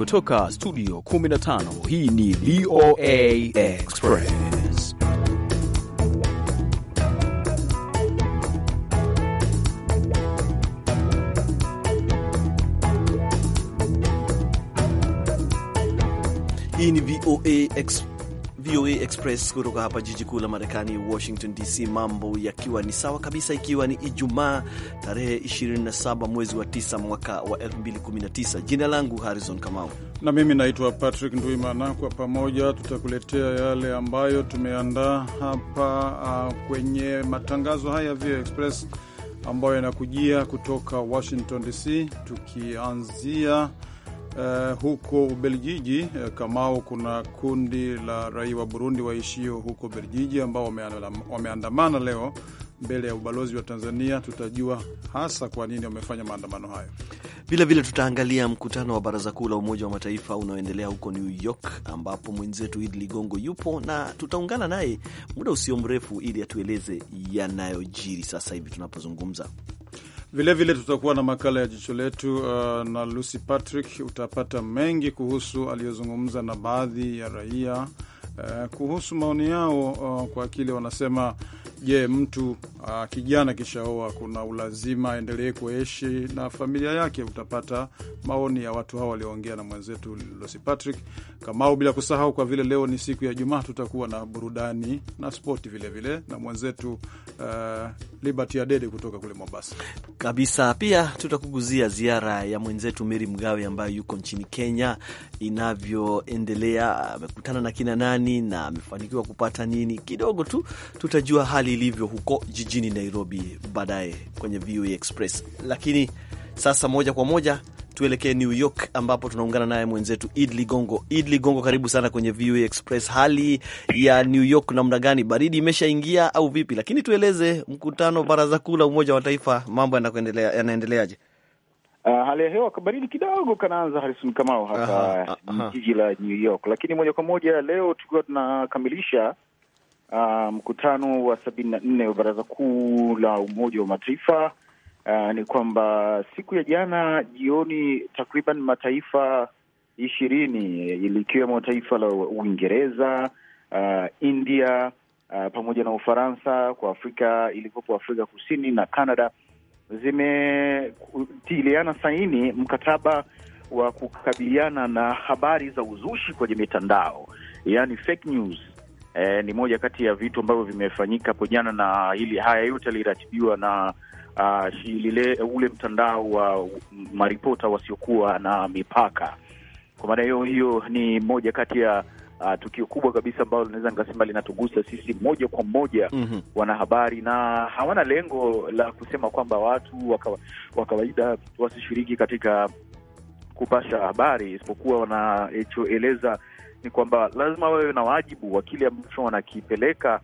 kutoka studio 15 hii ni VOA Express. Hii ni VOA Express VOA Express kutoka hapa jiji kuu la Marekani, Washington DC. Mambo yakiwa ni sawa kabisa, ikiwa ni Ijumaa tarehe 27 mwezi wa 9 mwaka wa 2019. Jina langu Harrison Kamau na mimi naitwa Patrick Nduimana. Kwa pamoja tutakuletea yale ambayo tumeandaa hapa uh, kwenye matangazo haya ya VOA Express ambayo yanakujia kutoka Washington DC, tukianzia Uh, huko Ubelgiji eh, kamau kuna kundi la raia wa Burundi waishio huko Ubelgiji ambao wameandamana leo mbele ya ubalozi wa Tanzania. Tutajua hasa kwa nini wamefanya maandamano hayo. Vilevile tutaangalia mkutano wa Baraza Kuu la Umoja wa Mataifa unaoendelea huko New York, ambapo mwenzetu Idi Ligongo yupo na tutaungana naye muda usio mrefu ili atueleze yanayojiri sasa hivi tunapozungumza. Vilevile tutakuwa na makala ya jicho letu uh, na Lucy Patrick. Utapata mengi kuhusu aliyozungumza na baadhi ya raia uh, kuhusu maoni yao uh, kwa kile wanasema je, mtu uh, kijana kishaoa, kuna ulazima aendelee kuishi na familia yake? Utapata maoni ya watu hawa walioongea na mwenzetu Losi Patrick Kamau, bila kusahau, kwa vile leo ni siku ya Jumaa, tutakuwa na burudani na spoti vilevile na mwenzetu uh, Liberty Adede kutoka kule Mombasa kabisa. Pia tutakuguzia ziara ya mwenzetu Meri Mgawe ambayo yuko nchini Kenya inavyoendelea, amekutana na kina nani na amefanikiwa kupata nini. Kidogo tu tutajua hali hali ilivyo huko jijini Nairobi baadaye kwenye VOA Express. Lakini sasa moja kwa moja tuelekee New York ambapo tunaungana naye mwenzetu Id Ligongo. Id Ligongo, karibu sana kwenye VOA Express. Hali ya New York namna gani? Baridi imeshaingia au vipi? Lakini tueleze mkutano baraza kuu la Umoja wa Taifa, mambo yanaendeleaje? Uh, hali ya hewa kabaridi kidogo kanaanza Harrison Kamau hapa jiji la New York, lakini moja kwa moja leo tukiwa tunakamilisha Ah, mkutano wa sabini na nne wa Baraza Kuu la Umoja wa Mataifa uh, ni kwamba siku ya jana jioni takriban mataifa ishirini ilikiwemo taifa la Uingereza, uh, India uh, pamoja na Ufaransa kwa Afrika ilivyopo Afrika Kusini na Canada zimetiliana saini mkataba wa kukabiliana na habari za uzushi kwenye mitandao, yani fake news E, ni moja kati ya vitu ambavyo vimefanyika hapo jana, na hili haya yote aliratibiwa na uh, lile ule mtandao wa uh, maripota wasiokuwa na mipaka. Kwa maana hiyo, hiyo ni moja kati ya Uh, tukio kubwa kabisa ambalo linaweza nikasema linatugusa sisi moja kwa moja mm -hmm. Wanahabari na hawana lengo la kusema kwamba watu wa kawaida wasishiriki katika kupasha habari, isipokuwa wanachoeleza ni kwamba lazima wewe na wajibu wa kile ambacho wanakipeleka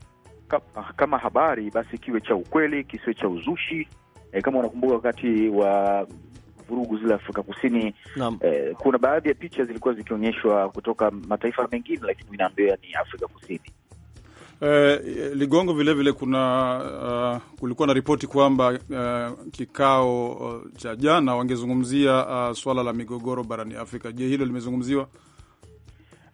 kama habari, basi kiwe cha ukweli, kisiwe cha uzushi. E, kama unakumbuka wakati wa vurugu zile Afrika Kusini e, kuna baadhi ya picha zilikuwa zikionyeshwa kutoka mataifa mengine, lakini inaambiwa ni Afrika Kusini. E, Ligongo, vilevile vile kuna uh, kulikuwa na ripoti kwamba uh, kikao uh, cha jana wangezungumzia uh, swala la migogoro barani Afrika. Je, hilo limezungumziwa?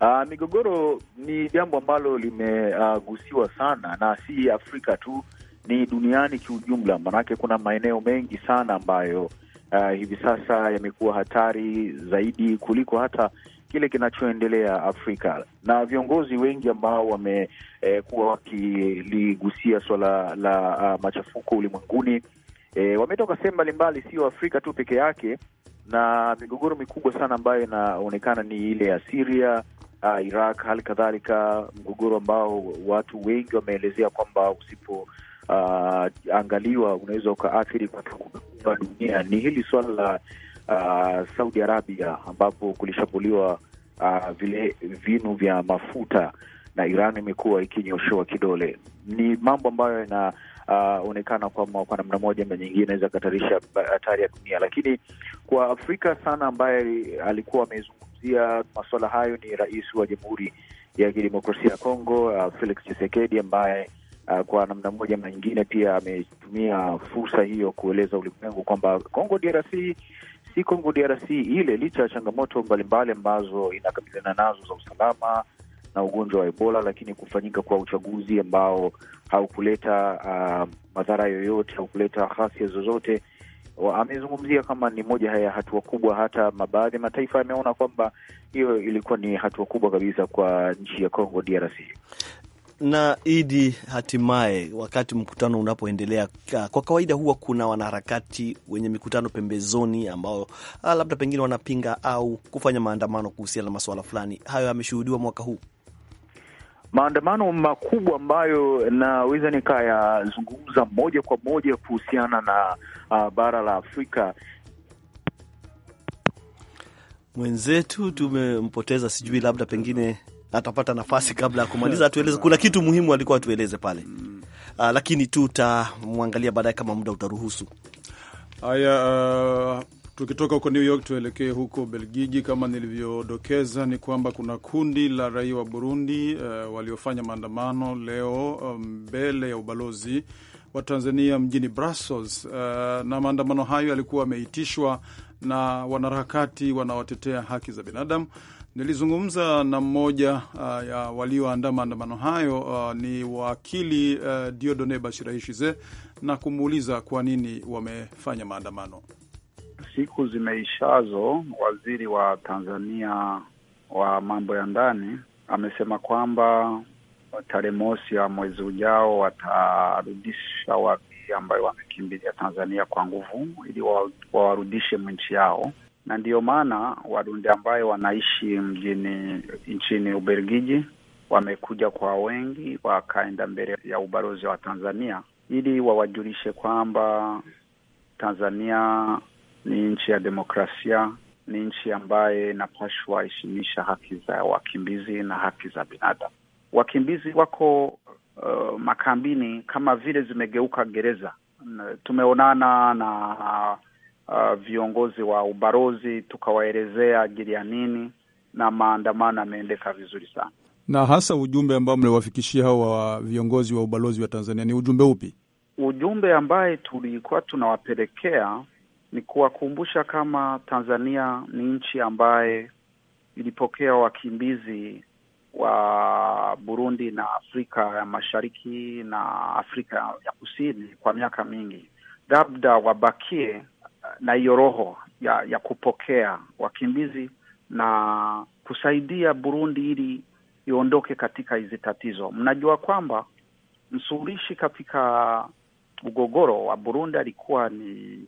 Uh, migogoro ni jambo ambalo limegusiwa uh, sana na si Afrika tu, ni duniani kiujumla, maanake kuna maeneo mengi sana ambayo uh, hivi sasa yamekuwa hatari zaidi kuliko hata kile kinachoendelea Afrika, na viongozi wengi ambao wamekuwa eh, wakiligusia suala la uh, machafuko ulimwenguni eh, wametoka sehemu mbalimbali, sio Afrika tu peke yake, na migogoro mikubwa sana ambayo inaonekana ni ile ya Syria uh, Iraq, hali kadhalika mgogoro ambao watu wengi wameelezea kwamba usipo uh, angaliwa unaweza ukaathiri katika dunia, ni hili suala la uh, Saudi Arabia ambapo kulishambuliwa uh, vile vinu vya mafuta na Iran imekuwa ikinyoshewa kidole. Ni mambo ambayo yanaonekana uh, kwa, kwa namna moja ama nyingine inaweza katarisha hatari ya dunia, lakini kwa Afrika sana ambaye alikuwa amezungumza kuzungumzia masuala hayo ni rais wa Jamhuri ya Kidemokrasia ya Kongo uh, Felix Tshisekedi ambaye uh, kwa namna moja na nyingine pia ametumia fursa hiyo kueleza ulimwengu kwamba Kongo DRC si Kongo DRC ile, licha ya changamoto mbalimbali ambazo inakabiliana nazo za usalama na ugonjwa wa Ebola, lakini kufanyika kwa uchaguzi ambao haukuleta uh, madhara yoyote, haukuleta ghasia zozote amezungumzia kama ni moja ya hatua kubwa. Hata baadhi ya mataifa yameona kwamba hiyo ilikuwa ni hatua kubwa kabisa kwa nchi ya Congo DRC na Idi, hatimaye wakati mkutano unapoendelea, kwa kawaida huwa kuna wanaharakati wenye mikutano pembezoni ambao ah, labda pengine wanapinga au kufanya maandamano kuhusiana na masuala fulani. Hayo yameshuhudiwa mwaka huu? maandamano makubwa ambayo naweza nikayazungumza moja kwa moja kuhusiana na uh, bara la Afrika. Mwenzetu tumempoteza, sijui labda pengine atapata nafasi kabla ya kumaliza atueleze. Kuna kitu muhimu alikuwa atueleze pale, uh, lakini tutamwangalia baadaye kama muda utaruhusu. Haya, uh... Tukitoka huko New York tuelekee huko Belgiji. Kama nilivyodokeza, ni kwamba kuna kundi la raia wa Burundi uh, waliofanya maandamano leo um, mbele um, ya ubalozi wa Tanzania mjini Brussels. Uh, na maandamano hayo yalikuwa yameitishwa na wanaharakati wanaotetea haki za binadamu. Nilizungumza na mmoja uh, ya walioandaa maandamano hayo uh, ni wakili uh, Diodone Bashirahishize na kumuuliza kwa nini wamefanya maandamano siku zimeishazo, waziri wa Tanzania wa mambo ya ndani amesema kwamba tarehe mosi ya mwezi ujao watarudisha wapi ambayo wamekimbilia Tanzania kwa nguvu ili wawarudishe wa nchi yao, na ndiyo maana Warundi ambayo wanaishi mjini nchini Ubelgiji wamekuja kwa wengi wakaenda mbele ya ubalozi wa Tanzania ili wawajulishe kwamba Tanzania ni nchi ya demokrasia, ni nchi ambaye inapashwa heshimisha haki za wakimbizi na haki za binadamu. Wakimbizi wako uh, makambini kama vile zimegeuka gereza. Tumeonana na uh, viongozi wa ubalozi tukawaelezea ajili ya nini, na maandamano yameendeka vizuri sana. Na hasa ujumbe ambao mliwafikishia hao wa viongozi wa ubalozi wa Tanzania ni ujumbe upi? Ujumbe ambaye tulikuwa tunawapelekea ni kuwakumbusha kama Tanzania ni nchi ambaye ilipokea wakimbizi wa Burundi na Afrika ya Mashariki na Afrika ya Kusini kwa miaka mingi, labda wabakie uh, na hiyo roho ya, ya kupokea wakimbizi na kusaidia Burundi ili iondoke katika hizi tatizo. Mnajua kwamba msuluhishi katika mgogoro wa Burundi alikuwa ni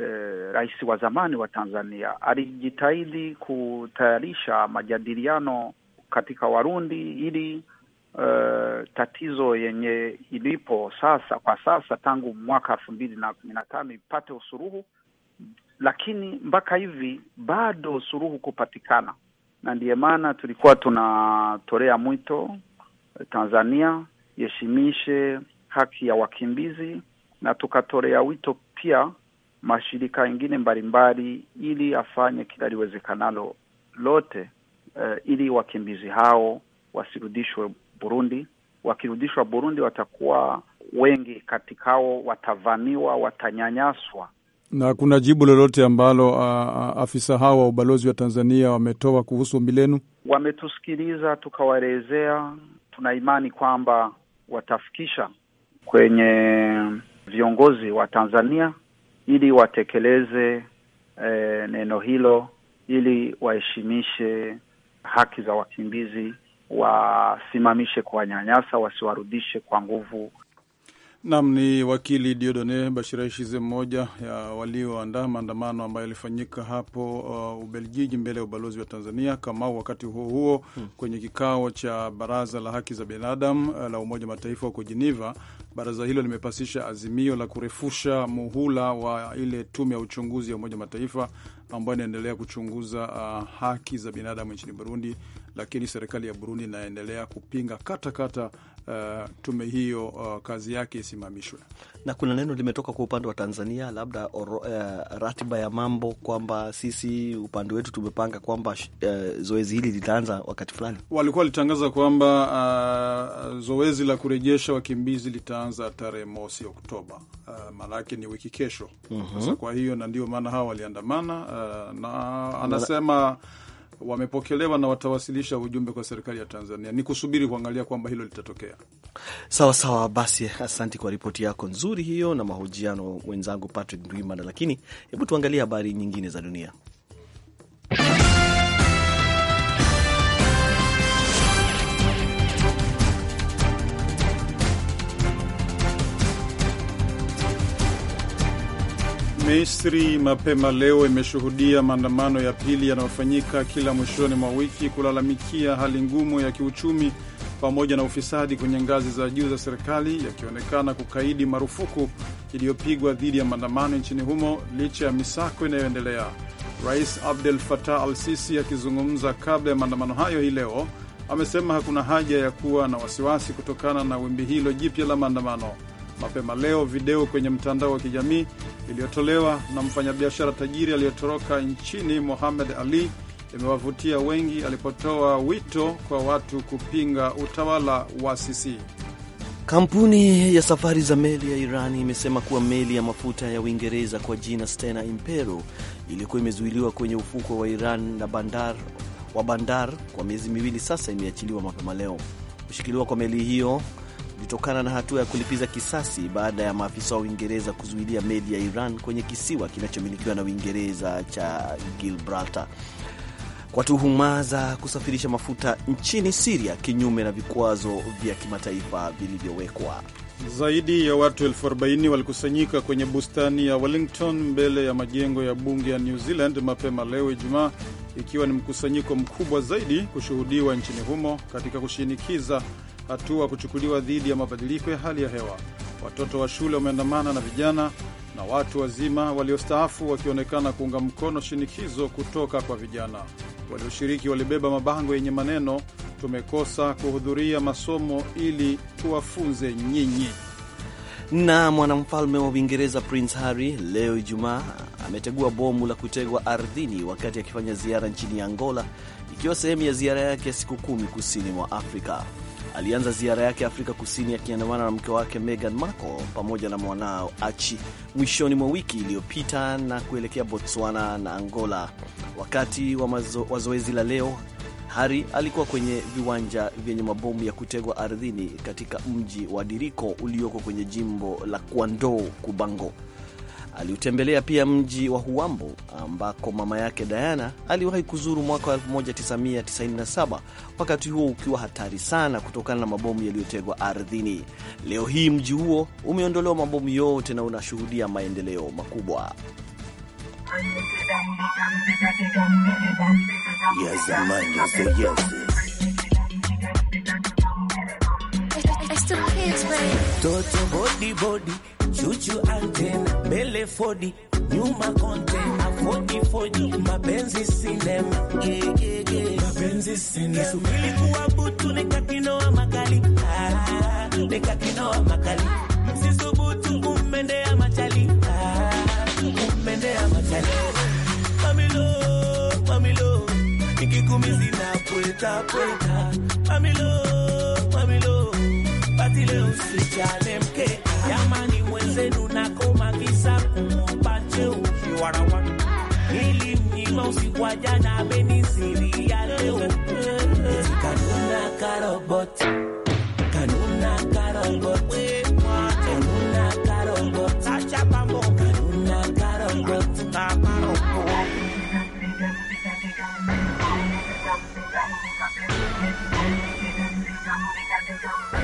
eh, rais wa zamani wa Tanzania alijitahidi kutayarisha majadiliano katika Warundi ili Uh, tatizo yenye ilipo sasa kwa sasa tangu mwaka elfu mbili na kumi na tano ipate usuruhu, lakini mpaka hivi bado usuruhu kupatikana, na ndiye maana tulikuwa tunatolea mwito eh, Tanzania iheshimishe haki ya wakimbizi, na tukatolea wito pia mashirika mengine mbalimbali, ili afanye kila liwezekanalo lote uh, ili wakimbizi hao wasirudishwe Burundi. Wakirudishwa Burundi, watakuwa wengi katikao watavamiwa, watanyanyaswa. Na kuna jibu lolote ambalo afisa hao wa ubalozi wa Tanzania wametoa kuhusu ombi lenu? Wametusikiliza, tukawaelezea. Tuna imani kwamba watafikisha kwenye viongozi wa Tanzania ili watekeleze e, neno hilo ili waheshimishe haki za wakimbizi, wasimamishe kuwanyanyasa, wasiwarudishe kwa nguvu. Nam ni wakili Diodone Bashira Ishize, mmoja ya walioandaa maandamano ambayo yalifanyika hapo uh, Ubelgiji, mbele ya ubalozi wa Tanzania Kamau. Wakati huo huo, hmm, kwenye kikao cha baraza la haki za binadamu uh, la Umoja Mataifa huko Geneva, baraza hilo limepasisha azimio la kurefusha muhula wa ile tume ya uchunguzi ya Umoja Mataifa ambayo inaendelea kuchunguza uh, haki za binadamu nchini Burundi, lakini serikali ya Burundi inaendelea kupinga katakata kata, uh, tume hiyo uh, kazi yake isimamishwe. Na kuna neno limetoka kwa upande wa Tanzania, labda oro, uh, ratiba ya mambo kwamba sisi upande wetu tumepanga kwamba uh, zoezi hili litaanza wakati fulani. Walikuwa walitangaza kwamba uh, zoezi la kurejesha wakimbizi lita itaanza tarehe mosi Oktoba. Uh, eh, maanake ni wiki kesho mm -hmm. Sasa kwa hiyo na ndio maana hawa waliandamana uh, na anasema wamepokelewa na watawasilisha ujumbe kwa serikali ya Tanzania. Ni kusubiri kuangalia kwamba hilo litatokea. Sawa sawa, basi asanti kwa ripoti yako nzuri hiyo na mahojiano wenzangu Patrick Ndwimana. Lakini hebu tuangalie habari nyingine za dunia Misri mapema leo imeshuhudia maandamano ya pili yanayofanyika kila mwishoni mwa wiki kulalamikia hali ngumu ya kiuchumi pamoja na ufisadi kwenye ngazi za juu za serikali, yakionekana kukaidi marufuku iliyopigwa dhidi ya maandamano nchini humo licha ya misako inayoendelea. Rais Abdel Fattah al-Sisi akizungumza kabla ya maandamano hayo hii leo amesema hakuna haja ya kuwa na wasiwasi kutokana na wimbi hilo jipya la maandamano mapema leo video kwenye mtandao wa kijamii iliyotolewa na mfanyabiashara tajiri aliyotoroka nchini Mohamed Ali imewavutia wengi alipotoa wito kwa watu kupinga utawala wa Sisi. Kampuni ya safari za meli ya Iran imesema kuwa meli ya mafuta ya Uingereza kwa jina Stena Impero iliyokuwa imezuiliwa kwenye ufukwe wa Iran na bandar wa bandar kwa miezi miwili sasa imeachiliwa mapema leo. Kushikiliwa kwa meli hiyo ilitokana na hatua ya kulipiza kisasi baada ya maafisa wa Uingereza kuzuilia meli ya Iran kwenye kisiwa kinachomilikiwa na Uingereza cha Gibraltar kwa tuhuma za kusafirisha mafuta nchini Siria kinyume na vikwazo vya kimataifa vilivyowekwa. Zaidi ya watu elfu arobaini walikusanyika kwenye bustani ya Wellington mbele ya majengo ya bunge ya New Zealand mapema leo Ijumaa, ikiwa ni mkusanyiko mkubwa zaidi kushuhudiwa nchini humo katika kushinikiza hatua kuchukuliwa dhidi ya mabadiliko ya hali ya hewa. Watoto wa shule wameandamana na vijana na watu wazima waliostaafu wakionekana kuunga mkono shinikizo kutoka kwa vijana. Walioshiriki walibeba mabango yenye maneno tumekosa kuhudhuria masomo ili tuwafunze nyinyi. Na mwanamfalme wa Uingereza Prince Harry leo Ijumaa ametegua bomu la kutegwa ardhini wakati akifanya ziara nchini Angola, ikiwa sehemu ya ziara yake ya siku kumi kusini mwa Afrika alianza ziara yake Afrika Kusini akiandamana na mke wake Meghan Markle pamoja na mwanao achi mwishoni mwa wiki iliyopita na kuelekea Botswana na Angola. Wakati wa, mazo, wa zoezi la leo, Hari alikuwa kwenye viwanja vyenye mabomu ya kutegwa ardhini katika mji wa Diriko ulioko kwenye jimbo la kuandoo Kubango. Aliutembelea pia mji wa Huambo ambako mama yake Diana aliwahi kuzuru mwaka wa 1997, wakati huo ukiwa hatari sana kutokana na mabomu yaliyotegwa ardhini. Leo hii mji huo umeondolewa mabomu yote na unashuhudia maendeleo makubwa ya zamani. Toto body body, chuchu antena, bele fodi, nyuma konte, afodi fodi, mapenzi sinema, yeah, sinema. Yesu nilikuwa butu, nikakinoa makali, ah, nikakinoa makali. Msisubutu kumendea machali, ah, machali. Mamilo, mamilo, nikikumizi na pweta pweta, mamilo Usile usichale mke jamani, mwenzenu nakoma kisa kumpache ukiwarawa ili mnyima usiku wa jana ameniziri ya leo kanuna karoboti kanuna karoboti kanuna karoboti acha pambo kanuna Thank you.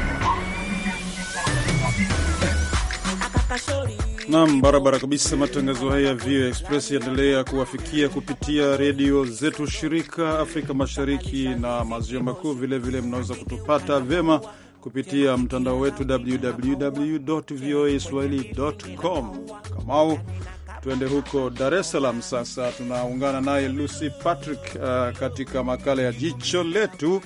Nam, barabara kabisa. Matangazo haya ya VOA Express yaendelea kuwafikia kupitia redio zetu shirika Afrika Mashariki na Maziwa Makuu. Vilevile mnaweza kutupata vyema kupitia mtandao wetu www voa swahili.com. Kamau, tuende huko Dar es Salaam sasa. Tunaungana naye Lucy Patrick uh, katika makala ya jicho letu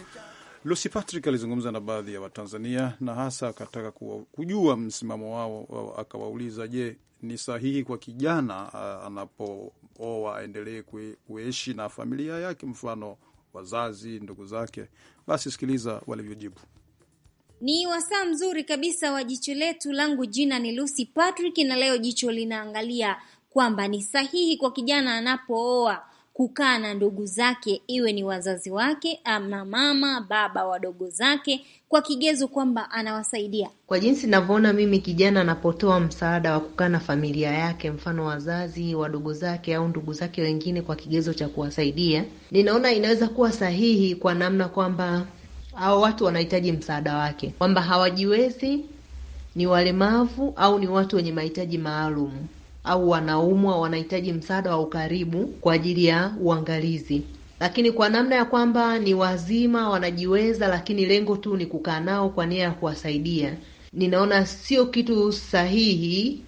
Lucy Patrick alizungumza na baadhi ya Watanzania na hasa akataka kujua msimamo wao, akawauliza je, ni sahihi kwa kijana anapooa aendelee kuishi na familia yake, mfano wazazi, ndugu zake? Basi sikiliza walivyojibu. Ni wasaa mzuri kabisa wa jicho letu. Langu jina ni Lucy Patrick, na leo jicho linaangalia kwamba ni sahihi kwa kijana anapooa kukaa na ndugu zake iwe ni wazazi wake ama mama baba wadogo zake kwa kigezo kwamba anawasaidia. Kwa jinsi ninavyoona mimi, kijana anapotoa msaada wa kukaa na familia yake, mfano wazazi, wadogo zake au ndugu zake wengine, kwa kigezo cha kuwasaidia, ninaona inaweza kuwa sahihi kwa namna kwamba hao watu wanahitaji msaada wake, kwamba hawajiwezi, ni walemavu au ni watu wenye mahitaji maalum au wanaumwa, wanahitaji msaada wa ukaribu kwa ajili ya uangalizi lakini kwa namna ya kwamba ni wazima wanajiweza, lakini lengo tu ni kukaa nao kwa nia ya kuwasaidia, ninaona sio kitu sahihi,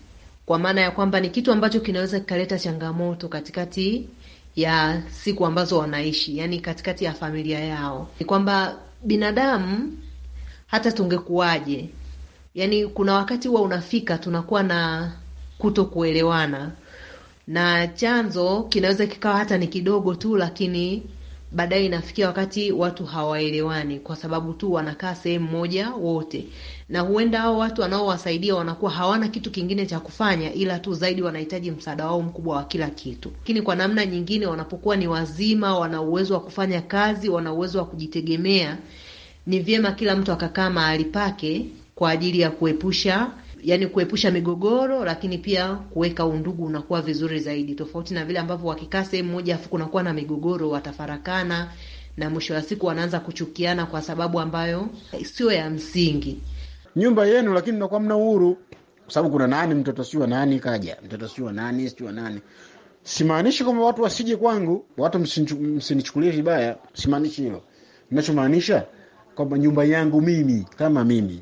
kwa maana ya kwamba ni kitu ambacho kinaweza kikaleta changamoto katikati ya siku ambazo wanaishi, yani katikati ya familia yao. Ni kwamba binadamu hata tungekuwaje, yani kuna wakati huwa unafika tunakuwa na kutokuelewana, na chanzo kinaweza kikawa hata ni kidogo tu, lakini baadaye inafikia wakati watu hawaelewani kwa sababu tu wanakaa sehemu moja wote, na huenda hao watu wanaowasaidia wanakuwa hawana kitu kingine cha kufanya, ila tu zaidi wanahitaji msaada wao mkubwa wa kila kitu. Lakini kwa namna nyingine, wanapokuwa ni wazima, wana uwezo wa kufanya kazi, wana uwezo wa kujitegemea, ni vyema kila mtu akakaa mahali pake kwa ajili ya kuepusha yani kuepusha migogoro, lakini pia kuweka undugu unakuwa vizuri zaidi, tofauti na vile ambavyo wakikaa sehemu moja afu kunakuwa na migogoro, watafarakana na mwisho wa siku wanaanza kuchukiana kwa sababu ambayo sio ya msingi. Nyumba yenu, lakini mnakuwa mna uhuru kwa sababu kuna nani, mtoto si wa nani kaja, mtoto si wa nani, si wa nani. Simaanishi kwamba watu wasije kwangu, watu msinichukulie vibaya, simaanishi hilo. Ninachomaanisha kwamba nyumba yangu mimi kama mimi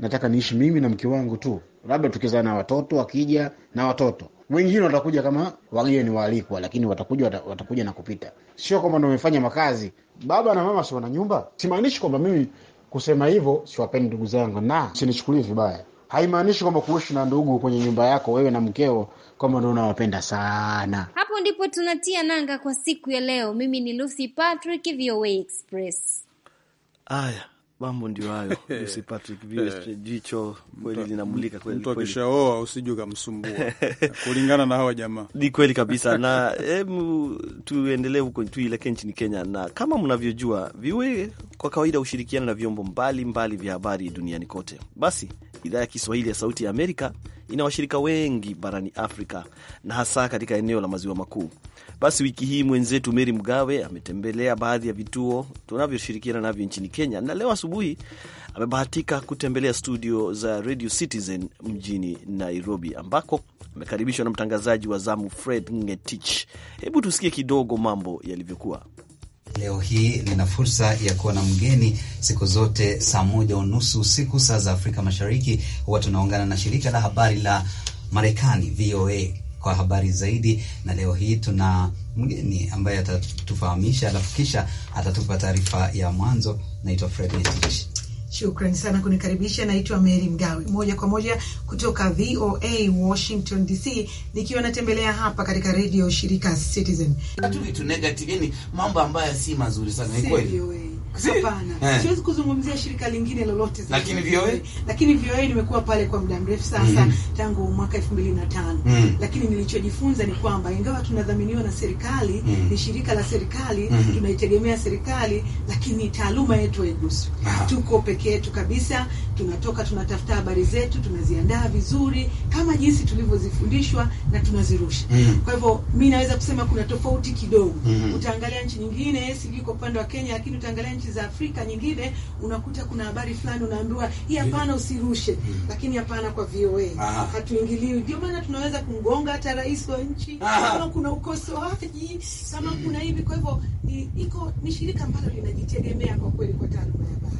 nataka niishi mimi na mke wangu tu, labda tukizaa na watoto wakija na watoto wengine watakuja kama wageni waalikwa, lakini watakuja watakuja na kupita. Sio kwamba ndo umefanya makazi. Baba na mama si wana nyumba. Simaanishi kwamba mimi kusema hivyo siwapendi ndugu zangu, na sinichukulie vibaya. Haimaanishi kwamba kuishi na ndugu kwenye nyumba yako wewe na mkeo kwamba ndo unawapenda sana. Hapo ndipo tunatia nanga kwa siku ya leo. Mimi ni Lucy Patrick, VOA Express. Aya. Mambo ndio hayo, Lucy Patrick, eh. jicho kweli linamulika kweli kweli. Akishaoa usije ukamsumbua kulingana na hawa jamaa, ni kweli kabisa. Na hebu tuendelee huko, tuileke nchini Kenya, na kama mnavyojua viwe kwa kawaida hushirikiana na vyombo mbalimbali vya habari duniani kote. Basi idhaa ya Kiswahili ya Sauti ya Amerika ina washirika wengi barani Afrika na hasa katika eneo la maziwa makuu. Basi wiki hii mwenzetu Meri Mgawe ametembelea baadhi ya vituo tunavyoshirikiana navyo nchini Kenya na leo asubuhi amebahatika kutembelea studio za Radio Citizen mjini Nairobi, ambako amekaribishwa na mtangazaji wa zamu Fred Ngetich. Hebu tusikie kidogo mambo yalivyokuwa. Leo hii nina fursa ya kuwa na mgeni. Siku zote saa moja unusu usiku saa za Afrika Mashariki huwa tunaungana na shirika la habari la Marekani VOA kwa habari zaidi, na leo hii tuna mgeni ambaye atatufahamisha, alafu kisha atatupa taarifa ya mwanzo. Naitwa Fred Nitich. Shukrani sana kunikaribisha. Naitwa Mary Mgawe, moja kwa moja kutoka VOA Washington DC, nikiwa natembelea hapa katika redio shirika Citizen. yani mambo ambayo si mazuri sana, ni kweli Hapana, eh. siwezi kuzungumzia shirika lingine lolote zaidi, lakini VOA, lakini VOA nimekuwa pale kwa muda mrefu sasa mm, tangu mwaka 2005 mm, mhm. lakini nilichojifunza ni kwamba ingawa tunadhaminiwa na serikali mm, ni shirika la serikali mm, tunaitegemea serikali, lakini taaluma yetu haiguswi. Tuko peke yetu kabisa, tunatoka tunatafuta habari zetu, tunaziandaa vizuri kama jinsi tulivyozifundishwa na tunazirusha mm. Kwa hivyo mimi naweza kusema kuna tofauti kidogo mm, utaangalia nchi nyingine, sijui kwa upande wa Kenya, lakini utaangalia nchi za Afrika nyingine, unakuta kuna habari fulani unaambiwa hii hapana, usirushe mm. Lakini hapana kwa VOA hatuingiliwi. Ndio maana tunaweza kumgonga hata rais wa nchi kama kuna ukosoaji, kama kuna hivi. Kwa hivyo iko ni shirika ambalo linajitegemea kwa kweli kwa taaluma ya habari.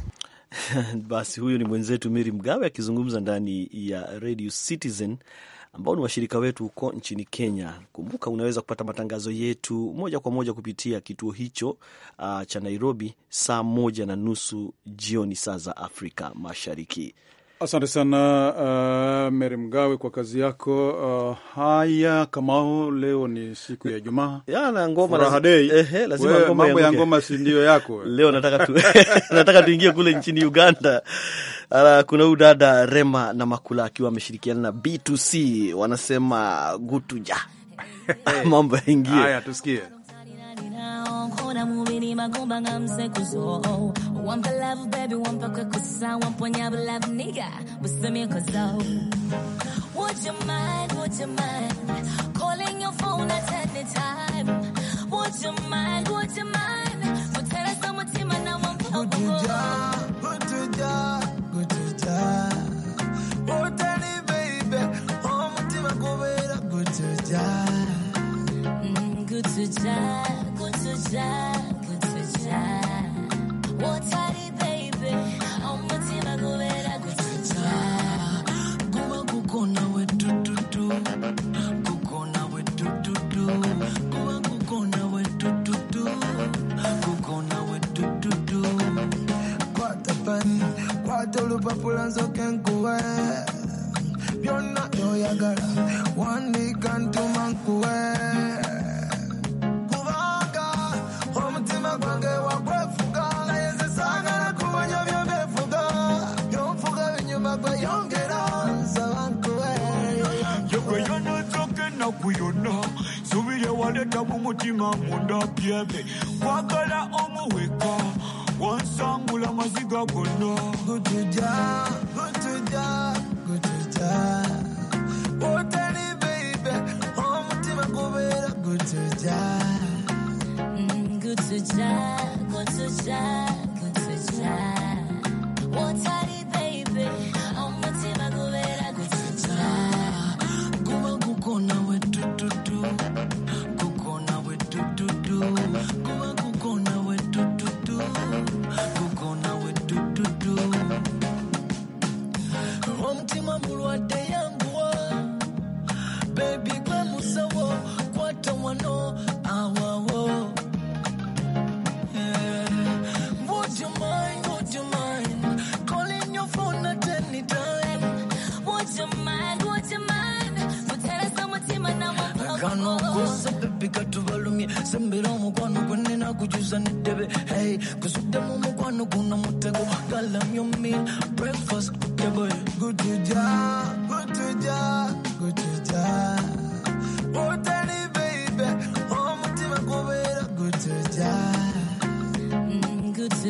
Basi huyo ni mwenzetu Miri Mgawe akizungumza ndani ya Radio Citizen ambao ni washirika wetu huko nchini Kenya. Kumbuka unaweza kupata matangazo yetu moja kwa moja kupitia kituo hicho uh, cha Nairobi saa moja na nusu jioni saa za Afrika Mashariki. Asante sana uh, Meri Mgawe kwa kazi yako. Uh, haya kamao leo ni siku ya Ijumaa na ngoma eh, lazima ngoma mambo ya ngoma si ndio yako leo nataka tu, nataka tuingie kule nchini Uganda. Ala, kuna huyu dada Rema na Makula akiwa ameshirikiana na B2C wanasema gutuja mambo yaingie. Haya tusikie. Kila mubini magumba nga mse Wampa love baby, wampa kwe Wamponya love niga busumi Would you mind, would you mind Calling your phone at any time Would you mind, would you mind Kuteresa mutima na wampa Kutuja, kutuja, kutuja Utani baby, oh mutima kubera Kutuja, kutuja sıcak, sıcak.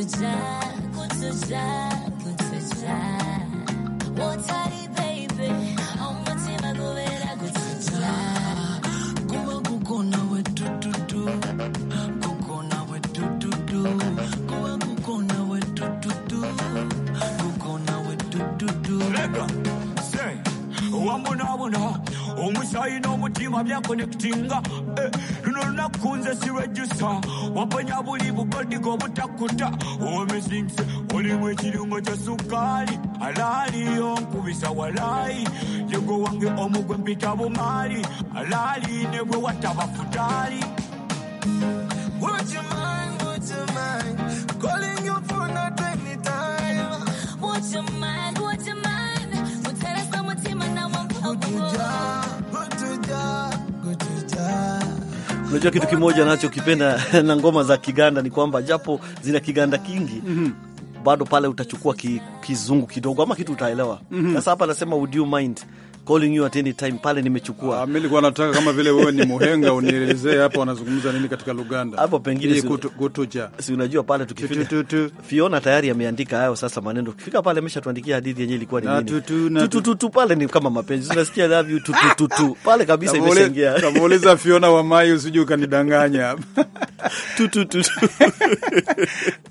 自在，不自在，不自在，我才。umushayi n'umutima byankonekitinga eh, luno lunaku nze siregisa wamponya buli bukodigo butakuta owomesinze olimu ekirungo kya sukaali alaaliyo nkubisa walayi yego wange omugwe mpita bumaali alaali ne bwe wataba futaali Would you mind, would you mind Calling your phone at any time Would you mind Unajua kitu kimoja nachokipenda na ngoma za Kiganda ni kwamba japo zina Kiganda kingi mm -hmm bado pale utachukua ki, kizungu kidogo ama kitu utaelewa. Mhm. Sasa mm -hmm. Hapa anasema would you mind calling you at any time pale nimechukua. Ah, mimi nilikuwa nataka kama vile wewe ni muhenga unielezee hapa wanazungumza nini katika Luganda. Hapo pengine kutuja. Si unajua pale tukifika. Fiona tayari ameandika hayo sasa maneno. Tukifika pale ameshatuandikia hadithi yenyewe ilikuwa ni nini. Tu tu tu tu pale ni kama mapenzi. Unasikia love you tu tu tu. Ah! Pale kabisa imeshaingia. Kamuuliza Fiona wa Mai usije ukanidanganya hapa. Tu tu tu.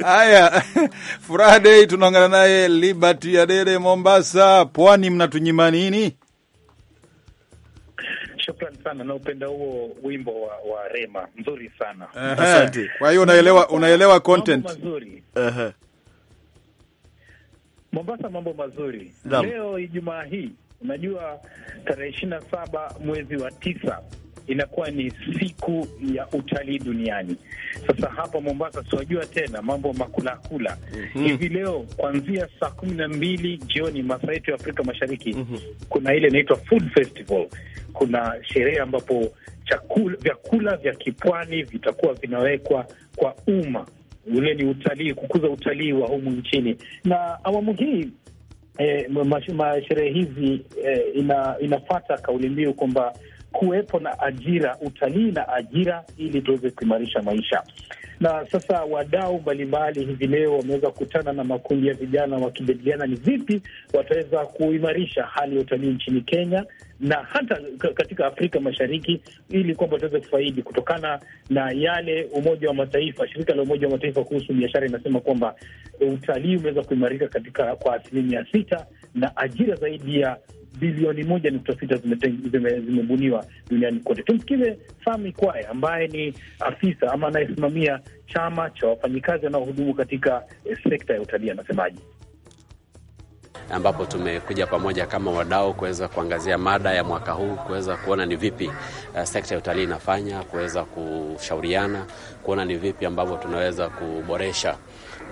Haya. Friday tunaongana naye Liberty Adede Mombasa. Pwani mnatunyima nini? Shukran sana na upenda huo wimbo wa, wa Rema mzuri sana Uh-huh. Kwa hiyo unaelewa, unaelewa content mazuri. Uh-huh. Mombasa mambo mazuri Dam. Leo Ijumaa hii unajua tarehe ishirini na saba mwezi wa tisa inakuwa ni siku ya utalii duniani. Sasa hapa Mombasa tunajua tena mambo makulakula mm -hmm. Hivi leo kuanzia saa kumi na mbili jioni masaa yetu ya Afrika Mashariki mm -hmm. kuna ile inaitwa food festival, kuna sherehe ambapo chakula, vyakula vya kipwani vitakuwa vinawekwa kwa umma. Ule ni utalii, kukuza utalii wa humu nchini, na awamu hii eh, masherehe hizi eh, ina, inafata kauli mbiu kwamba kuwepo na ajira, utalii na ajira, ili tuweze kuimarisha maisha. Na sasa wadau mbalimbali hivi leo wameweza kukutana na makundi ya vijana, wakijadiliana ni vipi wataweza kuimarisha hali ya utalii nchini Kenya na hata katika Afrika Mashariki, ili kwamba wataweza kufaidi kutokana na yale Umoja wa Mataifa, shirika la Umoja wa Mataifa kuhusu biashara inasema kwamba utalii umeweza kuimarika katika kwa asilimia sita na ajira zaidi ya bilioni moja nukta sita zimebuniwa duniani kote. Tumsikize Sami Kwaya ambaye ni afisa ama anayesimamia chama cha wafanyikazi wanaohudumu katika eh, sekta ya utalii, anasemaje? ambapo tumekuja pamoja kama wadau kuweza kuangazia mada ya mwaka huu, kuweza kuona ni vipi uh, sekta ya utalii inafanya, kuweza kushauriana, kuona ni vipi ambavyo tunaweza kuboresha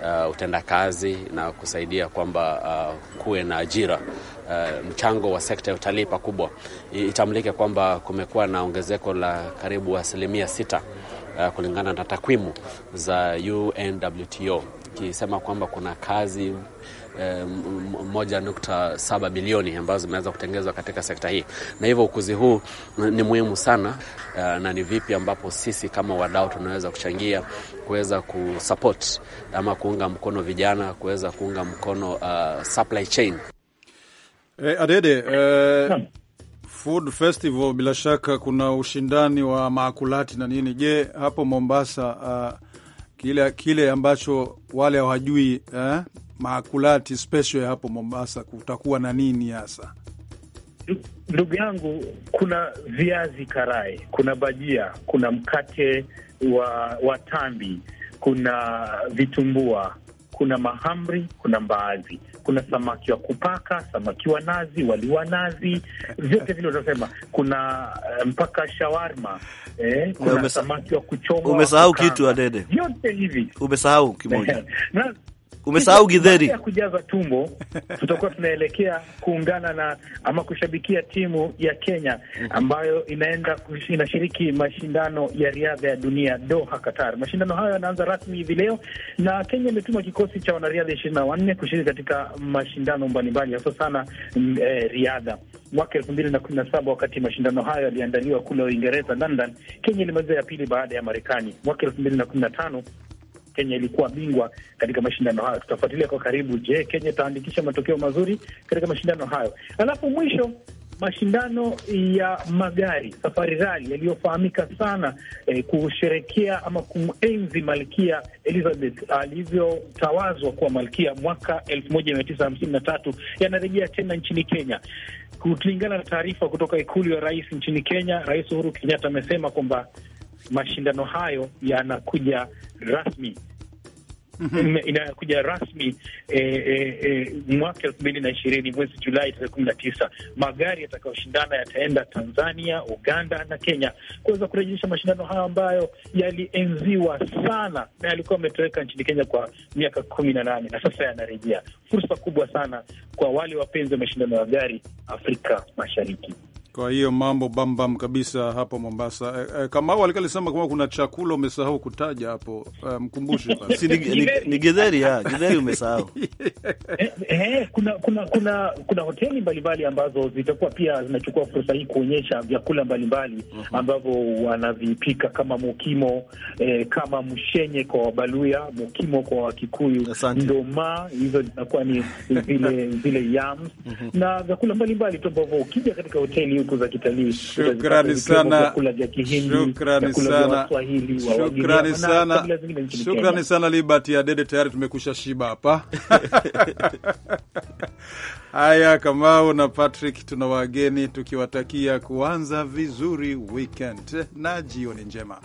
uh, utendakazi na kusaidia kwamba uh, kuwe na ajira. Uh, mchango wa sekta ya utalii pakubwa. Itambulike kwamba kumekuwa na ongezeko la karibu asilimia sita uh, kulingana na takwimu za UNWTO, ikisema kwamba kuna kazi Eh, moja nukta saba bilioni ambazo zimeweza kutengezwa katika sekta hii, na hivyo ukuzi huu ni muhimu sana. Eh, na ni vipi ambapo sisi kama wadau tunaweza kuchangia kuweza kusupport ama kuunga mkono vijana kuweza kuunga mkono uh, supply chain. Hey, Adede uh, food festival bila shaka kuna ushindani wa maakulati na nini. Je, hapo Mombasa uh, kile, kile ambacho wale hawajui eh, maakulati special ya hapo Mombasa, kutakuwa na nini hasa? Ndugu yangu, kuna viazi karai, kuna bajia, kuna mkate wa, wa tambi, kuna vitumbua, kuna mahamri, kuna mbaazi, kuna samaki wa kupaka, samaki wa nazi, wali wa nazi, vyote vile unasema, Kuna eh, mpaka shawarma eh, kuna samaki wa kuchoma. Umesahau kitu Adede, vyote hivi umesahau kimoja Umesahau gidheri ya kujaza tumbo. Tutakuwa tunaelekea kuungana na ama kushabikia timu ya Kenya mhm. ambayo inaenda inashiriki mashindano ya riadha ya dunia Doha, Qatar. Mashindano hayo yanaanza rasmi hivi leo, na Kenya imetuma kikosi cha wanariadha ishirini na wanne kushiriki katika mashindano mbalimbali, hasa sana e, riadha. Mwaka elfu mbili na kumi na saba wakati mashindano hayo yaliandaliwa kule Uingereza, London, Kenya ilimaliza ya pili baada ya Marekani. Mwaka elfu mbili na kumi na tano Kenya ilikuwa bingwa katika mashindano hayo. Tutafuatilia kwa karibu, je, Kenya itaandikisha matokeo mazuri katika mashindano hayo? Alafu mwisho mashindano ya magari safari rali yaliyofahamika sana eh, kusherekea ama kumenzi malkia Elizabeth alivyotawazwa kuwa malkia mwaka elfu moja mia tisa hamsini na tatu yanarejea tena nchini Kenya. Kulingana na taarifa kutoka ikulu ya rais nchini Kenya, Rais Uhuru Kenyatta amesema kwamba mashindano hayo yanakuja rasmi Mm -hmm. Inakuja rasmi e, e, e, mwaka elfu mbili na ishirini mwezi Julai tarehe kumi na tisa magari yatakayoshindana yataenda Tanzania, Uganda na Kenya kuweza kurejesha mashindano hayo ambayo yalienziwa sana na yalikuwa yametoweka nchini Kenya kwa miaka kumi na nane na sasa yanarejea. Fursa kubwa sana kwa wale wapenzi wa mashindano ya gari Afrika Mashariki. Kwa hiyo mambo bambam bam kabisa hapo Mombasa. E, e, Kamau alikuwa alisema kama kuna chakula umesahau kutaja hapo, eh, mkumbushe basi. Si ni githeri? Ha, githeri umesahau. Eh, eh, kuna kuna kuna kuna hoteli mbalimbali ambazo zitakuwa pia zinachukua fursa hii kuonyesha vyakula mbalimbali uh-huh. ambavyo wanavipika kama mukimo, eh, kama mshenye kwa Wabaluya, mukimo kwa Wakikuyu, ndoma, hizo zinakuwa ni vile vile yams uh-huh. na vyakula mbalimbali tu ambavyo ukija katika hoteli siku za kitalii. Shukrani sana, shukrani sana, shukrani sana, shukrani sana Liberty ya Dede, tayari tumekusha shiba hapa. Haya, Kamau na Patrick, tuna wageni tukiwatakia kuanza vizuri weekend na jioni njema.